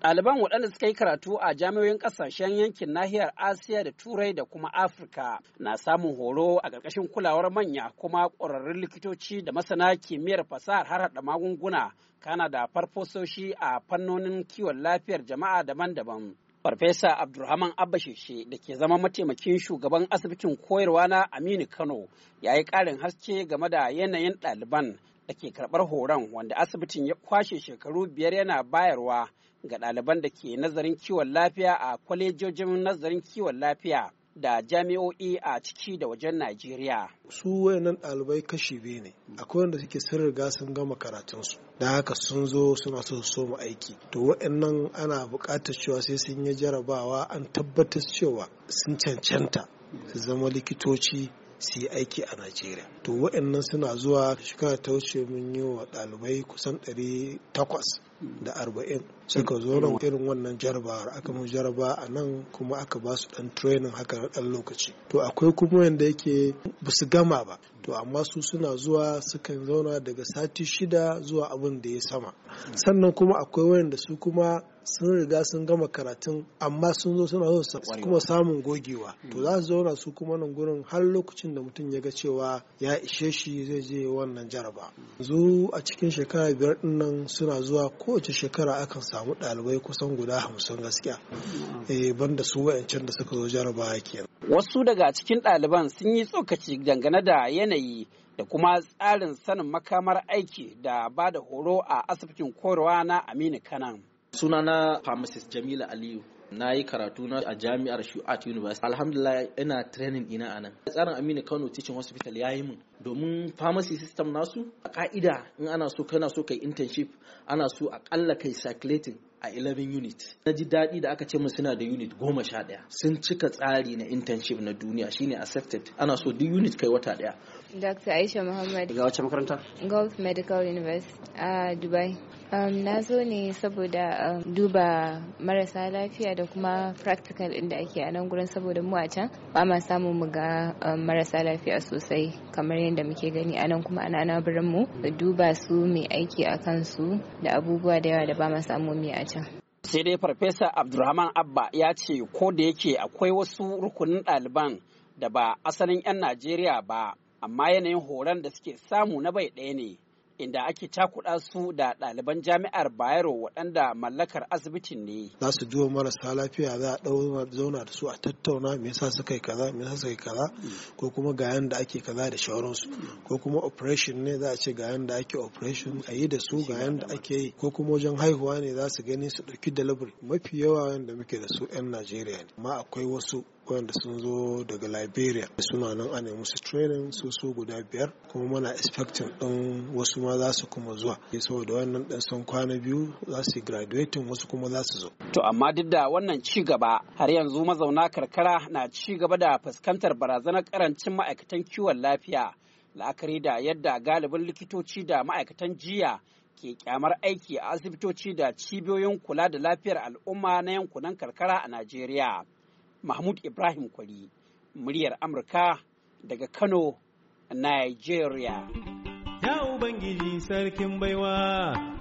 Ɗaliban waɗanda suka yi karatu a jami'oyin ƙasashen yankin nahiyar Asiya da Turai da kuma Afirka na samun horo a ƙarƙashin kulawar manya kuma ƙwararrun likitoci da masana kimiyyar fasahar harhaɗa magunguna kana da farfososhi a fannonin kiwon lafiyar jama'a daban-daban. Farfesa Abdulrahman Abbasheshe da ke zama mataimakin shugaban asibitin koyarwa na Aminu Kano ya yi ƙarin haske game da yanayin ɗaliban da ke karɓar horon wanda asibitin ya kwashe shekaru biyar yana bayarwa ga ɗaliban da ke nazarin kiwon lafiya a kwalejojin nazarin kiwon lafiya da jami'o'i a ciki da wajen Najeriya. Su wayannan ɗalibai kashi biyu ne, akwai wanda suke sun riga sun gama karatunsu, da haka sun zo suna so su soma aiki. To wayannan ana buƙatar cewa sai sun yi jarabawa an tabbatar cewa sun cancanta su zama likitoci su yi aiki a Najeriya. To waɗannan suna zuwa shekara ta wuce mun yi wa ɗalibai kusan ɗari takwas da arba'in suka zo nan irin wannan jarabawar aka mu jaraba a nan kuma aka ba su dan training haka na dan lokaci to akwai kuma wanda yake ba su gama ba to amma su suna zuwa sukan zauna daga sati shida zuwa abin da ya sama sannan kuma akwai wanda su kuma sun riga sun gama karatun amma sun zo suna so kuma samun gogewa to za su zauna su kuma nan gurin har lokacin da mutum ya ga cewa ya ishe shi zai je wannan jaraba zu a cikin shekara biyar dinnan suna zuwa ko kowace shekara akan samu ɗalibai kusan guda hamsin gaskiya eh, banda su wa'ancan da suka zo jarabawa kenan. Wasu daga cikin ɗaliban sun yi tsokaci dangane da yanayi da kuma tsarin sanin makamar aiki da ba da horo a asibitin korowa na Aminu Kanan. Sunana Pharmacist Jamila Aliyu. na yi karatu na a jami'ar Shu'at University alhamdulillah ina training ina a nan tsarin Aminu Kano Teaching Hospital ya yi min domin pharmacy system nasu a ka'ida in ana so kana so kai internship ana so akalla kai circulating a 11 unit na ji daɗi da aka ce mun suna da unit goma sha ɗaya sun cika tsari na internship na duniya shine accepted ana so duk unit kai wata ɗaya Dr. Aisha Muhammad. Daga wace makaranta? Gulf Medical University a Dubai. Um, na zo ne saboda um, duba marasa lafiya da kuma practical inda ake a nan gurin saboda mu a can ba ma samu mu ga um, marasa lafiya sosai kamar yadda muke gani a nan kuma ana birnin birin mu duba su mai aiki a kansu da abubuwa da yawa da ba ma samu mu a can. sai dai farfesa abdulrahman abba ya ce ko da yake akwai wasu rukunin ɗaliban da ba asalin 'yan najeriya ba amma yanayin horon da suke samu na bai ɗaya ne inda ake cakuɗa su da ɗaliban jami'ar bayero waɗanda mallakar asibitin ne za su duba marasa lafiya za a ɗau zauna da su a tattauna me yasa suka yi kaza me yasa suka yi kaza ko kuma ga yanda ake kaza da shauransu ko kuma operation ne za a ce ga yanda ake operation a yi da su ga yanda ake yi ko kuma wajen haihuwa ne za su gani su ɗauki delivery mafi yawa yanda muke da su 'yan najeriya ne amma akwai wasu waɗanda sun zo daga liberia suna nan nemi su training su su guda biyar kuma muna expecting ɗin wasu ma za su kuma zuwa saboda wannan ɗan son kwana biyu za su graduating wasu kuma za su zo to amma duk da wannan ci gaba har yanzu mazauna karkara na ci gaba da fuskantar barazanar karancin ma'aikatan kiwon lafiya la'akari da yadda galibin likitoci da ma'aikatan jiya ke kyamar aiki a asibitoci da cibiyoyin kula da lafiyar al'umma na yankunan karkara a Najeriya. Mahmud Ibrahim Kwari, muryar Amurka daga Kano, Nigeria. Ya Ubangiji sarkin baiwa,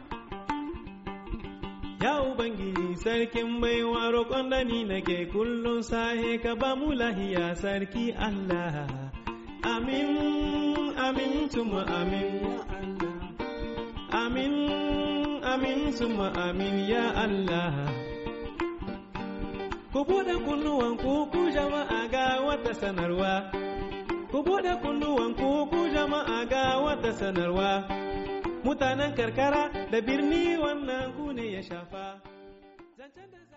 Ya Ubangiji sarkin baiwa roƙon da ni nake kullum sahe ka ba mu lahiya sarki Allah. Amin, amin, tuma amin. Amin, amin, tuma amin ya Allah. Ku buɗe kunnuwanku ku jama'a ga wata sanarwa. Ku buɗe kunnuwanku ku jama'a ga wata sanarwa. Mutanen karkara da birni wannan ku ne ya shafa.